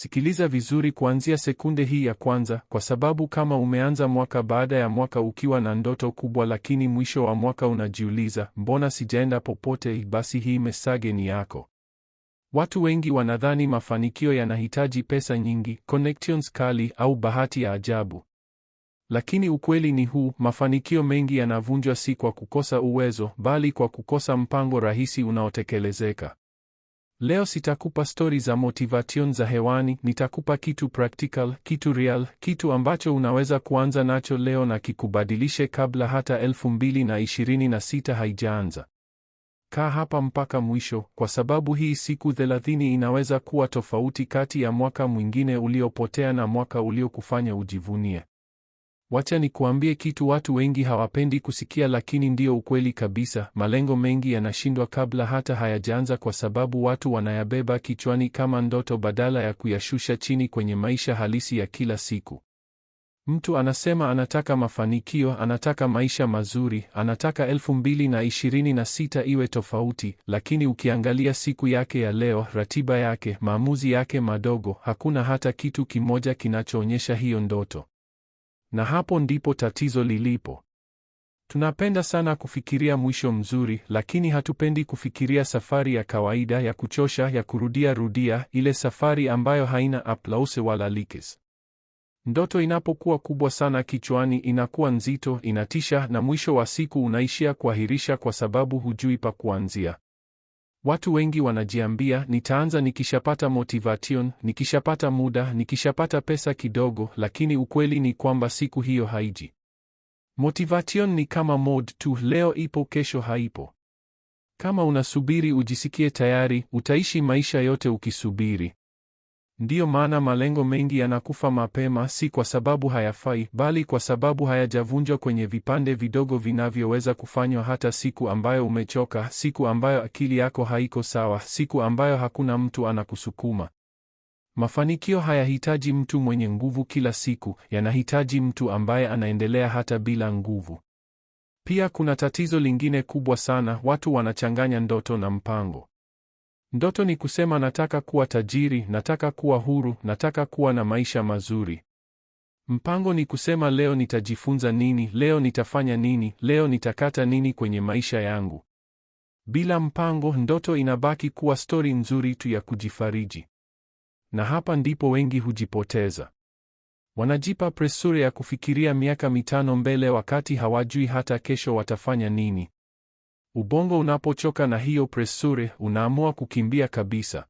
Sikiliza vizuri kuanzia sekunde hii ya kwanza, kwa sababu kama umeanza mwaka baada ya mwaka ukiwa na ndoto kubwa, lakini mwisho wa mwaka unajiuliza mbona sijaenda popote, basi hii message ni yako. Watu wengi wanadhani mafanikio yanahitaji pesa nyingi, connections kali, au bahati ya ajabu. Lakini ukweli ni huu: mafanikio mengi yanavunjwa si kwa kukosa uwezo, bali kwa kukosa mpango rahisi unaotekelezeka. Leo sitakupa stori za motivation za hewani, nitakupa kitu practical, kitu real, kitu ambacho unaweza kuanza nacho leo na kikubadilishe kabla hata 2026 haijaanza. Kaa hapa mpaka mwisho, kwa sababu hii siku 30 inaweza kuwa tofauti kati ya mwaka mwingine uliopotea na mwaka uliokufanya ujivunie. Wacha nikuambie kitu watu wengi hawapendi kusikia, lakini ndio ukweli kabisa. Malengo mengi yanashindwa kabla hata hayajaanza, kwa sababu watu wanayabeba kichwani kama ndoto badala ya kuyashusha chini kwenye maisha halisi ya kila siku. Mtu anasema anataka mafanikio, anataka maisha mazuri, anataka elfu mbili na ishirini na sita iwe tofauti, lakini ukiangalia siku yake ya leo, ratiba yake, maamuzi yake madogo, hakuna hata kitu kimoja kinachoonyesha hiyo ndoto. Na hapo ndipo tatizo lilipo. Tunapenda sana kufikiria mwisho mzuri, lakini hatupendi kufikiria safari ya kawaida ya kuchosha ya kurudia rudia, ile safari ambayo haina aplause wala likes. Ndoto inapokuwa kubwa sana kichwani, inakuwa nzito, inatisha, na mwisho wa siku unaishia kuahirisha kwa sababu hujui pa kuanzia. Watu wengi wanajiambia nitaanza nikishapata motivation, nikishapata muda, nikishapata pesa kidogo, lakini ukweli ni kwamba siku hiyo haiji. Motivation ni kama mod tu, leo ipo, kesho haipo. Kama unasubiri ujisikie tayari, utaishi maisha yote ukisubiri. Ndiyo maana malengo mengi yanakufa mapema, si kwa sababu hayafai, bali kwa sababu hayajavunjwa kwenye vipande vidogo vinavyoweza kufanywa hata siku ambayo umechoka, siku ambayo akili yako haiko sawa, siku ambayo hakuna mtu anakusukuma. Mafanikio hayahitaji mtu mwenye nguvu kila siku, yanahitaji mtu ambaye anaendelea hata bila nguvu. Pia kuna tatizo lingine kubwa sana, watu wanachanganya ndoto na mpango. Ndoto ni kusema nataka kuwa tajiri, nataka kuwa huru, nataka kuwa na maisha mazuri. Mpango ni kusema leo nitajifunza nini, leo nitafanya nini, leo nitakata nini kwenye maisha yangu. Bila mpango, ndoto inabaki kuwa stori nzuri tu ya kujifariji. Na hapa ndipo wengi hujipoteza. Wanajipa presure ya kufikiria miaka mitano mbele wakati hawajui hata kesho watafanya nini. Ubongo unapochoka na hiyo pressure, unaamua kukimbia kabisa.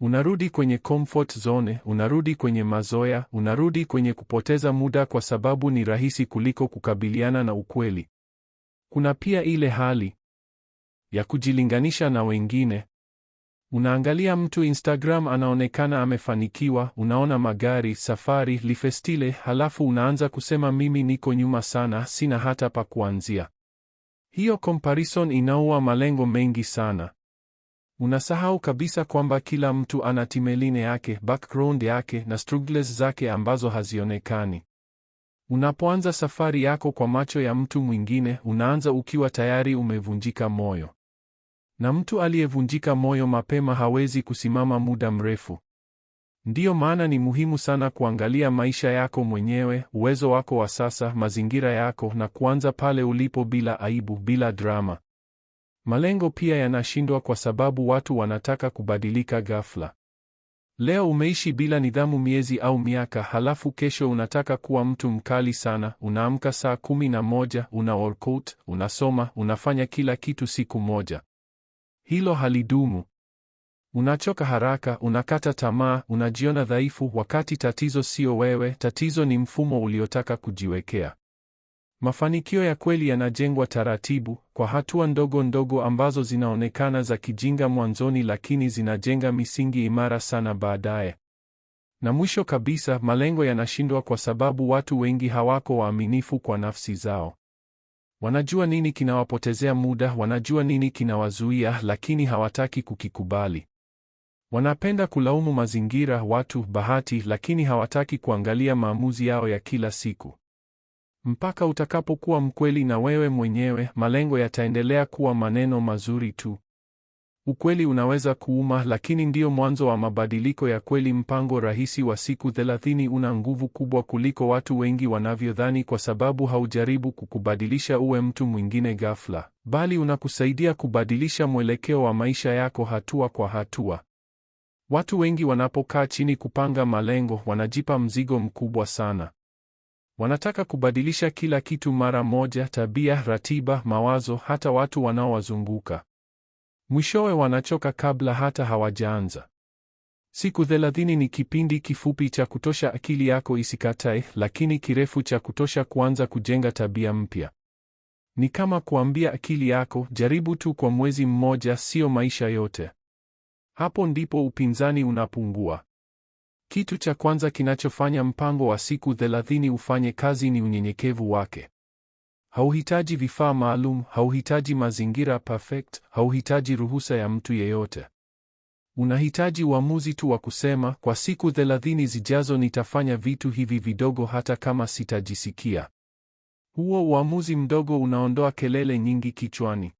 Unarudi kwenye comfort zone, unarudi kwenye mazoea, unarudi kwenye kupoteza muda kwa sababu ni rahisi kuliko kukabiliana na ukweli. Kuna pia ile hali ya kujilinganisha na wengine. Unaangalia mtu Instagram anaonekana amefanikiwa, unaona magari, safari, lifestyle, halafu unaanza kusema mimi niko nyuma sana, sina hata pa kuanzia. Hiyo comparison inaua malengo mengi sana. Unasahau kabisa kwamba kila mtu ana timeline yake, background yake na struggles zake ambazo hazionekani. Unapoanza safari yako kwa macho ya mtu mwingine, unaanza ukiwa tayari umevunjika moyo. Na mtu aliyevunjika moyo mapema hawezi kusimama muda mrefu. Ndiyo maana ni muhimu sana kuangalia maisha yako mwenyewe, uwezo wako wa sasa, mazingira yako, na kuanza pale ulipo bila aibu, bila drama. Malengo pia yanashindwa kwa sababu watu wanataka kubadilika ghafla. Leo umeishi bila nidhamu miezi au miaka, halafu kesho unataka kuwa mtu mkali sana. Unaamka saa kumi na moja, una workout, unasoma, unafanya kila kitu siku moja. Hilo halidumu. Unachoka haraka, unakata tamaa, unajiona dhaifu, wakati tatizo sio wewe. Tatizo ni mfumo uliotaka kujiwekea. Mafanikio ya kweli yanajengwa taratibu, kwa hatua ndogo ndogo ambazo zinaonekana za kijinga mwanzoni, lakini zinajenga misingi imara sana baadaye. Na mwisho kabisa, malengo yanashindwa kwa sababu watu wengi hawako waaminifu kwa nafsi zao. Wanajua nini kinawapotezea muda, wanajua nini kinawazuia, lakini hawataki kukikubali. Wanapenda kulaumu mazingira, watu, bahati, lakini hawataki kuangalia maamuzi yao ya kila siku. Mpaka utakapokuwa mkweli na wewe mwenyewe, malengo yataendelea kuwa maneno mazuri tu. Ukweli unaweza kuuma, lakini ndio mwanzo wa mabadiliko ya kweli. Mpango rahisi wa siku 30 una nguvu kubwa kuliko watu wengi wanavyodhani, kwa sababu haujaribu kukubadilisha uwe mtu mwingine ghafla, bali unakusaidia kubadilisha mwelekeo wa maisha yako hatua kwa hatua. Watu wengi wanapokaa chini kupanga malengo wanajipa mzigo mkubwa sana. Wanataka kubadilisha kila kitu mara moja: tabia, ratiba, mawazo, hata watu wanaowazunguka. Mwishowe wanachoka kabla hata hawajaanza. Siku thelathini ni kipindi kifupi cha kutosha akili yako isikatae, lakini kirefu cha kutosha kuanza kujenga tabia mpya. Ni kama kuambia akili yako, jaribu tu kwa mwezi mmoja, sio maisha yote. Hapo ndipo upinzani unapungua. Kitu cha kwanza kinachofanya mpango wa siku thelathini ufanye kazi ni unyenyekevu wake. Hauhitaji vifaa maalum, hauhitaji mazingira perfect, hauhitaji ruhusa ya mtu yeyote. Unahitaji uamuzi tu wa kusema, kwa siku thelathini zijazo nitafanya vitu hivi vidogo hata kama sitajisikia. Huo uamuzi mdogo unaondoa kelele nyingi kichwani.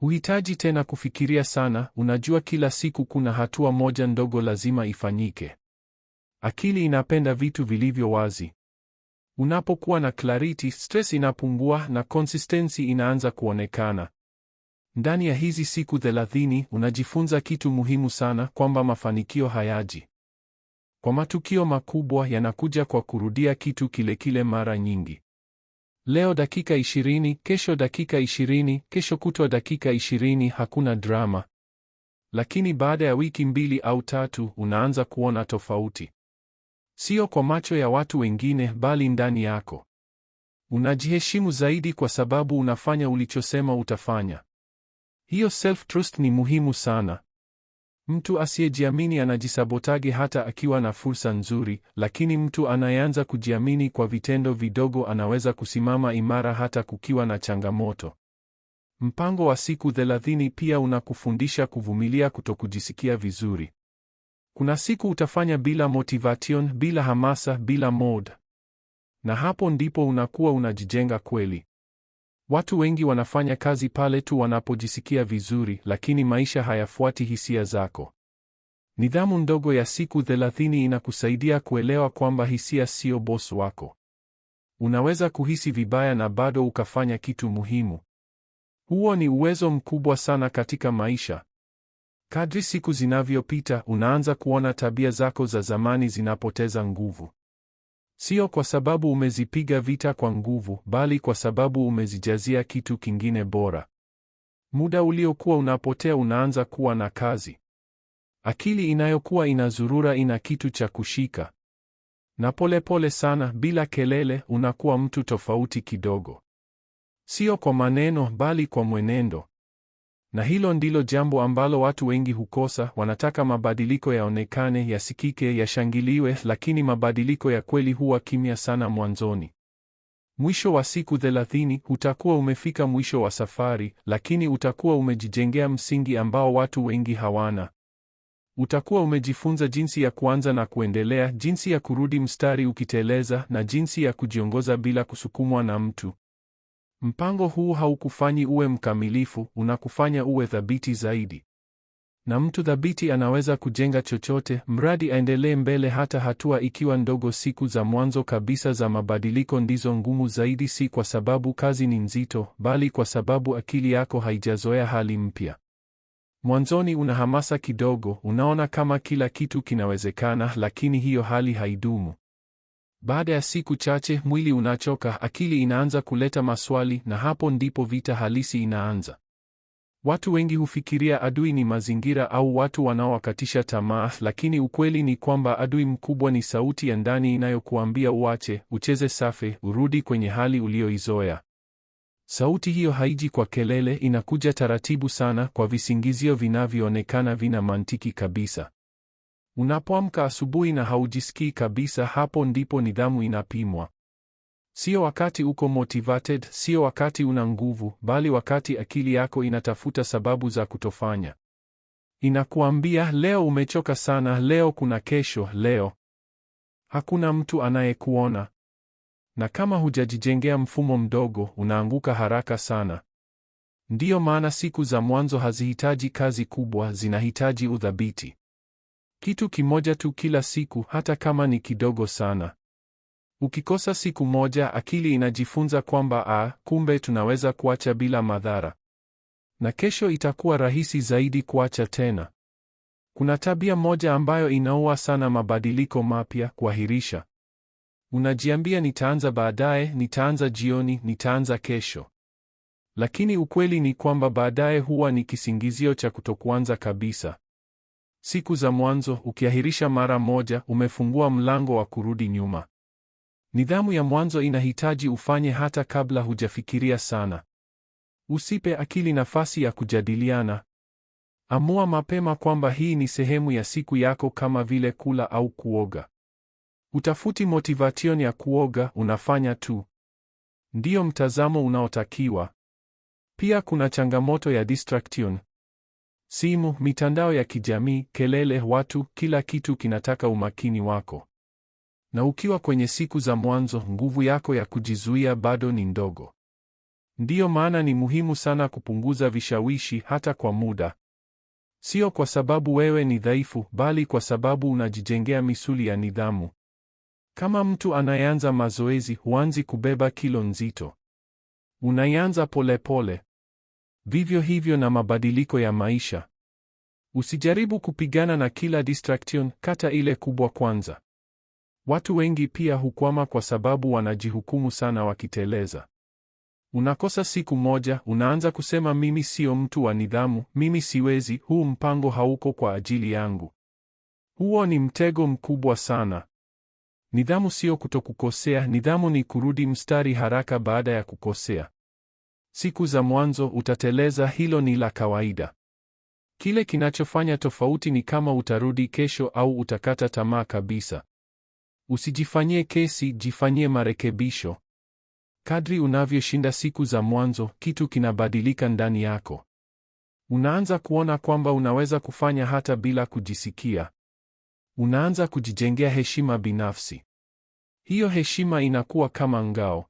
Huhitaji tena kufikiria sana, unajua kila siku kuna hatua moja ndogo lazima ifanyike. Akili inapenda vitu vilivyo wazi. Unapokuwa na clarity, stress inapungua na consistency inaanza kuonekana. Ndani ya hizi siku thelathini unajifunza kitu muhimu sana, kwamba mafanikio hayaji kwa matukio makubwa, yanakuja kwa kurudia kitu kile kile mara nyingi. Leo dakika ishirini, kesho dakika ishirini, kesho kutwa dakika ishirini. Hakuna drama, lakini baada ya wiki mbili au tatu unaanza kuona tofauti, sio kwa macho ya watu wengine, bali ndani yako. Unajiheshimu zaidi kwa sababu unafanya ulichosema utafanya. Hiyo self trust ni muhimu sana. Mtu asiyejiamini anajisabotage hata akiwa na fursa nzuri, lakini mtu anayeanza kujiamini kwa vitendo vidogo anaweza kusimama imara hata kukiwa na changamoto. Mpango wa siku thelathini pia unakufundisha kuvumilia kutokujisikia vizuri. Kuna siku utafanya bila motivation, bila hamasa, bila mood, na hapo ndipo unakuwa unajijenga kweli. Watu wengi wanafanya kazi pale tu wanapojisikia vizuri, lakini maisha hayafuati hisia zako. Nidhamu ndogo ya siku 30 inakusaidia kuelewa kwamba hisia sio boss wako. Unaweza kuhisi vibaya na bado ukafanya kitu muhimu. Huo ni uwezo mkubwa sana katika maisha. Kadri siku zinavyopita, unaanza kuona tabia zako za zamani zinapoteza nguvu. Sio kwa sababu umezipiga vita kwa nguvu, bali kwa sababu umezijazia kitu kingine bora. Muda uliokuwa unapotea unaanza kuwa na kazi. Akili inayokuwa inazurura ina kitu cha kushika, na polepole pole sana, bila kelele, unakuwa mtu tofauti kidogo, sio kwa maneno, bali kwa mwenendo. Na hilo ndilo jambo ambalo watu wengi hukosa. Wanataka mabadiliko yaonekane, yasikike, yashangiliwe, lakini mabadiliko ya kweli huwa kimya sana mwanzoni. Mwisho wa siku thelathini utakuwa umefika mwisho wa safari, lakini utakuwa umejijengea msingi ambao watu wengi hawana. Utakuwa umejifunza jinsi ya kuanza na kuendelea, jinsi ya kurudi mstari ukiteleza, na jinsi ya kujiongoza bila kusukumwa na mtu. Mpango huu haukufanyi uwe mkamilifu, unakufanya uwe thabiti zaidi. Na mtu thabiti anaweza kujenga chochote mradi aendelee mbele, hata hatua ikiwa ndogo. Siku za mwanzo kabisa za mabadiliko ndizo ngumu zaidi, si kwa sababu kazi ni nzito, bali kwa sababu akili yako haijazoea hali mpya. Mwanzoni una hamasa kidogo, unaona kama kila kitu kinawezekana, lakini hiyo hali haidumu. Baada ya siku chache, mwili unachoka, akili inaanza kuleta maswali, na hapo ndipo vita halisi inaanza. Watu wengi hufikiria adui ni mazingira au watu wanaowakatisha tamaa, lakini ukweli ni kwamba adui mkubwa ni sauti ya ndani inayokuambia uache, ucheze safe, urudi kwenye hali uliyoizoea. Sauti hiyo haiji kwa kelele, inakuja taratibu sana, kwa visingizio vinavyoonekana vina mantiki kabisa. Unapoamka asubuhi na haujisikii kabisa, hapo ndipo nidhamu inapimwa. Sio wakati uko motivated, sio wakati una nguvu, bali wakati akili yako inatafuta sababu za kutofanya. Inakuambia leo umechoka sana, leo kuna kesho, leo hakuna mtu anayekuona. Na kama hujajijengea mfumo mdogo, unaanguka haraka sana. Ndiyo maana siku za mwanzo hazihitaji kazi kubwa, zinahitaji udhabiti. Kitu kimoja tu kila siku, hata kama ni kidogo sana. Ukikosa siku moja, akili inajifunza kwamba a, kumbe tunaweza kuacha bila madhara, na kesho itakuwa rahisi zaidi kuacha tena. Kuna tabia moja ambayo inaua sana mabadiliko mapya: kuahirisha. Unajiambia, nitaanza baadaye, nitaanza jioni, nitaanza kesho. Lakini ukweli ni kwamba baadaye huwa ni kisingizio cha kutokuanza kabisa. Siku za mwanzo, ukiahirisha mara moja, umefungua mlango wa kurudi nyuma. Nidhamu ya mwanzo inahitaji ufanye hata kabla hujafikiria sana. Usipe akili nafasi ya kujadiliana. Amua mapema kwamba hii ni sehemu ya siku yako kama vile kula au kuoga. Utafuti motivation ya kuoga, unafanya tu. Ndiyo mtazamo unaotakiwa. Pia kuna changamoto ya distraction. Simu, mitandao ya kijamii, kelele, watu, kila kitu kinataka umakini wako. Na ukiwa kwenye siku za mwanzo, nguvu yako ya kujizuia bado ni ndogo. Ndiyo maana ni muhimu sana kupunguza vishawishi hata kwa muda. Sio kwa sababu wewe ni dhaifu, bali kwa sababu unajijengea misuli ya nidhamu. Kama mtu anayeanza mazoezi, huanzi kubeba kilo nzito. unaianza polepole. Vivyo hivyo na mabadiliko ya maisha. Usijaribu kupigana na kila distraction, kata ile kubwa kwanza. Watu wengi pia hukwama kwa sababu wanajihukumu sana wakiteleza. Unakosa siku moja, unaanza kusema mimi sio mtu wa nidhamu, mimi siwezi, huu mpango hauko kwa ajili yangu. Huo ni mtego mkubwa sana. Nidhamu sio kutokukosea, nidhamu ni kurudi mstari haraka baada ya kukosea. Siku za mwanzo utateleza, hilo ni la kawaida. Kile kinachofanya tofauti ni kama utarudi kesho au utakata tamaa kabisa. Usijifanyie kesi, jifanyie marekebisho. Kadri unavyoshinda siku za mwanzo, kitu kinabadilika ndani yako. Unaanza kuona kwamba unaweza kufanya hata bila kujisikia. Unaanza kujijengea heshima binafsi. Hiyo heshima inakuwa kama ngao.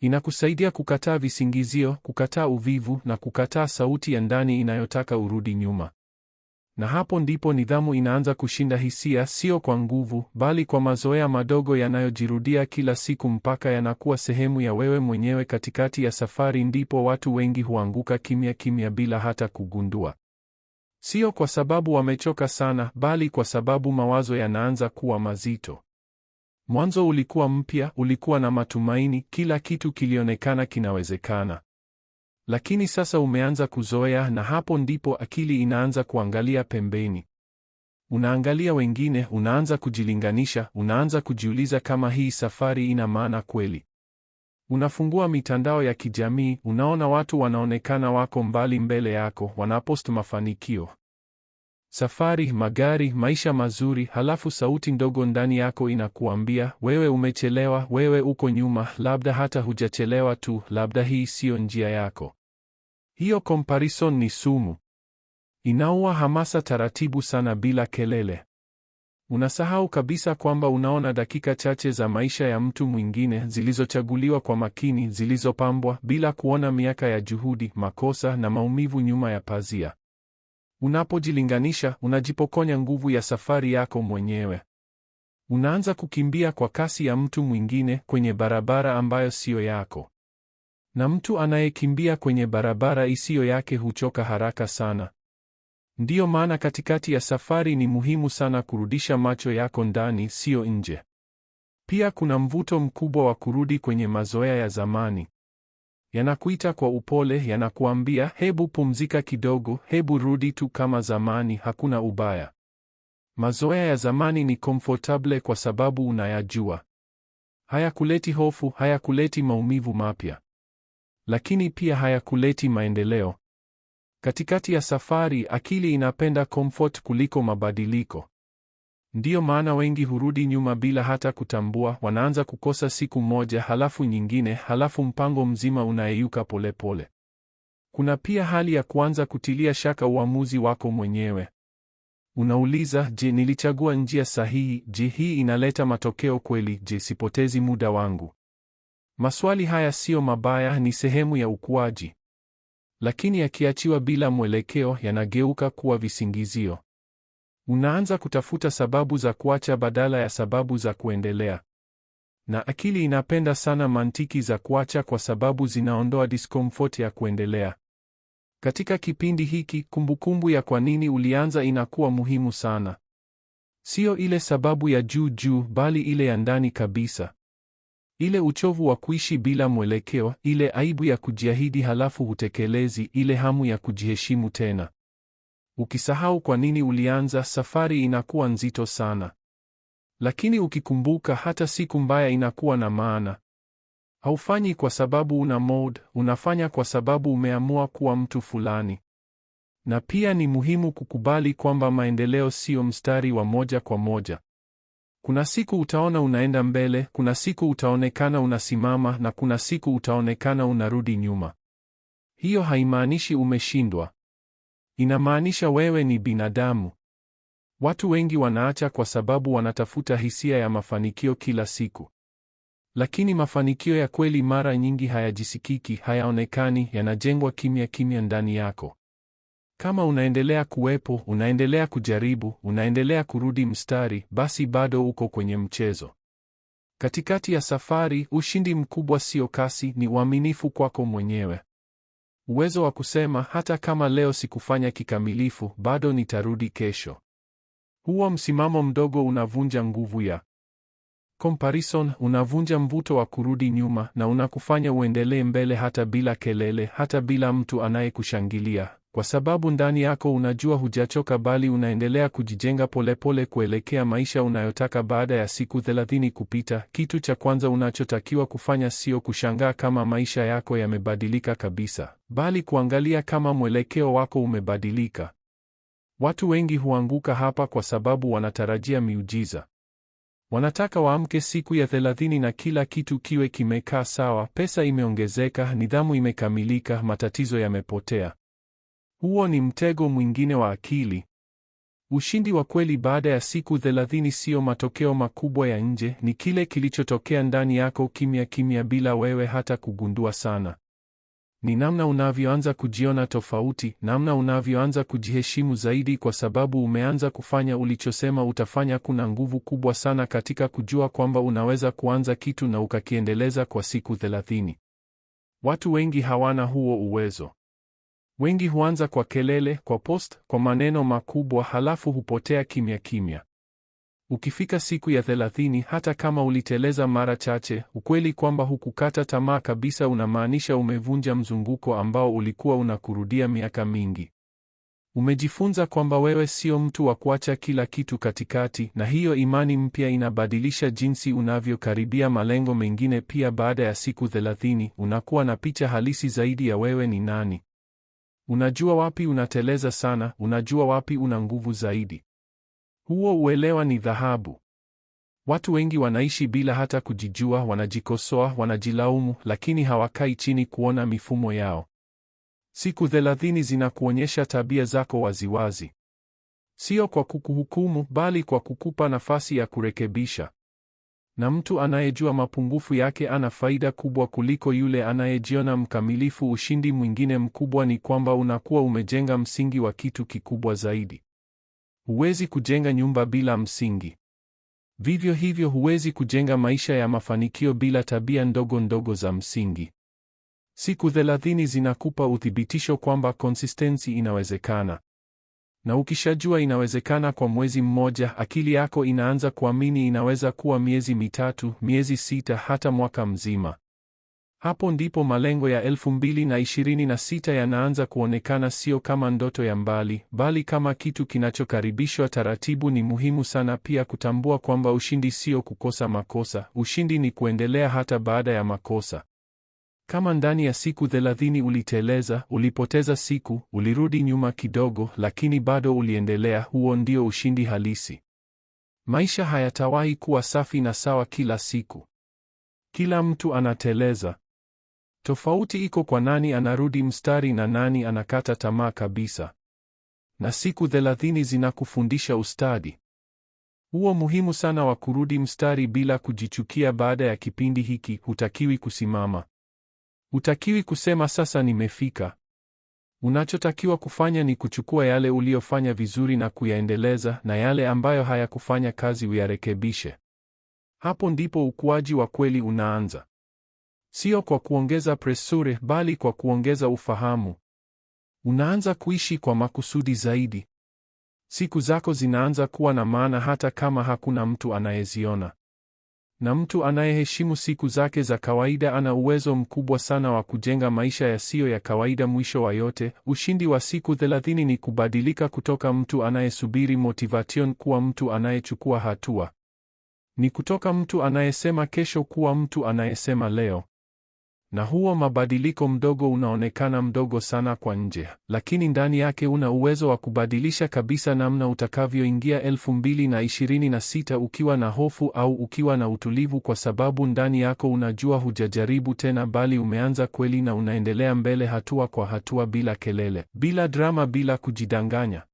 Inakusaidia kukataa visingizio, kukataa uvivu na kukataa sauti ya ndani inayotaka urudi nyuma. Na hapo ndipo nidhamu inaanza kushinda hisia, sio kwa nguvu, bali kwa mazoea madogo yanayojirudia kila siku mpaka yanakuwa sehemu ya wewe mwenyewe. Katikati ya safari ndipo watu wengi huanguka kimya kimya bila hata kugundua. Sio kwa sababu wamechoka sana, bali kwa sababu mawazo yanaanza kuwa mazito. Mwanzo ulikuwa mpya, ulikuwa na matumaini, kila kitu kilionekana kinawezekana. Lakini sasa umeanza kuzoea, na hapo ndipo akili inaanza kuangalia pembeni. Unaangalia wengine, unaanza kujilinganisha, unaanza kujiuliza kama hii safari ina maana kweli. Unafungua mitandao ya kijamii, unaona watu wanaonekana wako mbali mbele yako, wanapost mafanikio, safari, magari, maisha mazuri, halafu sauti ndogo ndani yako inakuambia wewe umechelewa, wewe uko nyuma, labda hata hujachelewa tu, labda hii siyo njia yako. Hiyo comparison ni sumu, inaua hamasa taratibu sana, bila kelele. Unasahau kabisa kwamba unaona dakika chache za maisha ya mtu mwingine zilizochaguliwa kwa makini, zilizopambwa, bila kuona miaka ya juhudi, makosa na maumivu nyuma ya pazia. Unapojilinganisha, unajipokonya nguvu ya safari yako mwenyewe. Unaanza kukimbia kwa kasi ya mtu mwingine kwenye barabara ambayo siyo yako. Na mtu anayekimbia kwenye barabara isiyo yake huchoka haraka sana. Ndiyo maana katikati ya safari ni muhimu sana kurudisha macho yako ndani, siyo nje. Pia kuna mvuto mkubwa wa kurudi kwenye mazoea ya zamani. Yanakuita kwa upole, yanakuambia hebu pumzika kidogo, hebu rudi tu kama zamani, hakuna ubaya. Mazoea ya zamani ni comfortable kwa sababu unayajua. Hayakuleti hofu, hayakuleti maumivu mapya, lakini pia hayakuleti maendeleo. Katikati ya safari, akili inapenda comfort kuliko mabadiliko. Ndiyo maana wengi hurudi nyuma bila hata kutambua, wanaanza kukosa siku moja, halafu nyingine, halafu mpango mzima unaeyuka polepole. Kuna pia hali ya kuanza kutilia shaka uamuzi wako mwenyewe. Unauliza, je, nilichagua njia sahihi? Je, hii inaleta matokeo kweli? Je, sipotezi muda wangu? Maswali haya siyo mabaya, ni sehemu ya ukuaji, lakini yakiachiwa bila mwelekeo yanageuka kuwa visingizio. Unaanza kutafuta sababu za kuacha badala ya sababu za kuendelea. Na akili inapenda sana mantiki za kuacha kwa sababu zinaondoa discomfort ya kuendelea. Katika kipindi hiki, kumbukumbu ya kwa nini ulianza inakuwa muhimu sana. Sio ile sababu ya juu juu, bali ile ya ndani kabisa. Ile uchovu wa kuishi bila mwelekeo, ile aibu ya kujiahidi halafu hutekelezi, ile hamu ya kujiheshimu tena. Ukisahau kwa nini ulianza, safari inakuwa nzito sana. Lakini ukikumbuka, hata siku mbaya inakuwa na maana. Haufanyi kwa sababu una mod, unafanya kwa sababu umeamua kuwa mtu fulani. Na pia ni muhimu kukubali kwamba maendeleo sio mstari wa moja kwa moja. Kuna siku utaona unaenda mbele, kuna siku utaonekana unasimama, na kuna siku utaonekana unarudi nyuma. Hiyo haimaanishi umeshindwa. Inamaanisha wewe ni binadamu. Watu wengi wanaacha kwa sababu wanatafuta hisia ya mafanikio kila siku. Lakini mafanikio ya kweli mara nyingi hayajisikiki, hayaonekani, yanajengwa kimya kimya ndani yako. Kama unaendelea kuwepo, unaendelea kujaribu, unaendelea kurudi mstari, basi bado uko kwenye mchezo. Katikati ya safari, ushindi mkubwa sio kasi, ni uaminifu kwako mwenyewe uwezo wa kusema hata kama leo sikufanya kikamilifu, bado nitarudi kesho. Huo msimamo mdogo unavunja nguvu ya comparison, unavunja mvuto wa kurudi nyuma, na unakufanya uendelee mbele hata bila kelele, hata bila mtu anayekushangilia kwa sababu ndani yako unajua hujachoka, bali unaendelea kujijenga polepole kuelekea maisha unayotaka. Baada ya siku thelathini kupita, kitu cha kwanza unachotakiwa kufanya sio kushangaa kama maisha yako yamebadilika kabisa, bali kuangalia kama mwelekeo wako umebadilika. Watu wengi huanguka hapa kwa sababu wanatarajia miujiza. Wanataka waamke siku ya thelathini na kila kitu kiwe kimekaa sawa, pesa imeongezeka, nidhamu imekamilika, matatizo yamepotea. Huo ni mtego mwingine wa akili. Ushindi wa kweli baada ya siku thelathini siyo matokeo makubwa ya nje, ni kile kilichotokea ndani yako kimya kimya, bila wewe hata kugundua sana. Ni namna unavyoanza kujiona tofauti, namna unavyoanza kujiheshimu zaidi, kwa sababu umeanza kufanya ulichosema utafanya. Kuna nguvu kubwa sana katika kujua kwamba unaweza kuanza kitu na ukakiendeleza kwa siku thelathini. Watu wengi hawana huo uwezo. Wengi huanza kwa kelele, kwa post, kwa maneno makubwa halafu hupotea kimya kimya. Ukifika siku ya thelathini, hata kama uliteleza mara chache, ukweli kwamba hukukata tamaa kabisa unamaanisha umevunja mzunguko ambao ulikuwa unakurudia miaka mingi. Umejifunza kwamba wewe sio mtu wa kuacha kila kitu katikati, na hiyo imani mpya inabadilisha jinsi unavyokaribia malengo mengine. Pia baada ya siku thelathini, unakuwa na picha halisi zaidi ya wewe ni nani. Unajua wapi unateleza sana, unajua wapi una nguvu zaidi. Huo uelewa ni dhahabu. Watu wengi wanaishi bila hata kujijua, wanajikosoa, wanajilaumu, lakini hawakai chini kuona mifumo yao. Siku thelathini zinakuonyesha tabia zako waziwazi, sio kwa kukuhukumu, bali kwa kukupa nafasi ya kurekebisha na mtu anayejua mapungufu yake ana faida kubwa kuliko yule anayejiona mkamilifu. Ushindi mwingine mkubwa ni kwamba unakuwa umejenga msingi wa kitu kikubwa zaidi. Huwezi kujenga nyumba bila msingi. Vivyo hivyo, huwezi kujenga maisha ya mafanikio bila tabia ndogo ndogo za msingi. Siku thelathini zinakupa uthibitisho kwamba konsistensi inawezekana. Na ukishajua inawezekana kwa mwezi mmoja, akili yako inaanza kuamini inaweza kuwa miezi mitatu, miezi sita, hata mwaka mzima. Hapo ndipo malengo ya 2026 yanaanza kuonekana sio kama ndoto ya mbali, bali kama kitu kinachokaribishwa taratibu. Ni muhimu sana pia kutambua kwamba ushindi sio kukosa makosa. Ushindi ni kuendelea hata baada ya makosa. Kama ndani ya siku thelathini uliteleza, ulipoteza siku, ulirudi nyuma kidogo, lakini bado uliendelea, huo ndio ushindi halisi. Maisha hayatawahi kuwa safi na sawa kila siku. Kila mtu anateleza. Tofauti iko kwa nani anarudi mstari na nani anakata tamaa kabisa. Na siku thelathini zinakufundisha ustadi huo muhimu sana wa kurudi mstari bila kujichukia. Baada ya kipindi hiki, hutakiwi kusimama utakiwi kusema sasa nimefika. Unachotakiwa kufanya ni kuchukua yale uliyofanya vizuri na kuyaendeleza, na yale ambayo hayakufanya kazi uyarekebishe. Hapo ndipo ukuaji wa kweli unaanza, sio kwa kuongeza presure, bali kwa kuongeza ufahamu. Unaanza kuishi kwa makusudi zaidi. Siku zako zinaanza kuwa na maana, hata kama hakuna mtu anayeziona. Na mtu anayeheshimu siku zake za kawaida ana uwezo mkubwa sana wa kujenga maisha yasiyo ya kawaida. Mwisho wa yote, ushindi wa siku 30 ni kubadilika kutoka mtu anayesubiri motivation kuwa mtu anayechukua hatua. Ni kutoka mtu anayesema kesho kuwa mtu anayesema leo na huo mabadiliko mdogo unaonekana mdogo sana kwa nje, lakini ndani yake una uwezo wa kubadilisha kabisa namna utakavyoingia 2026 ukiwa na hofu au ukiwa na utulivu, kwa sababu ndani yako unajua hujajaribu tena, bali umeanza kweli na unaendelea mbele hatua kwa hatua, bila kelele, bila drama, bila kujidanganya.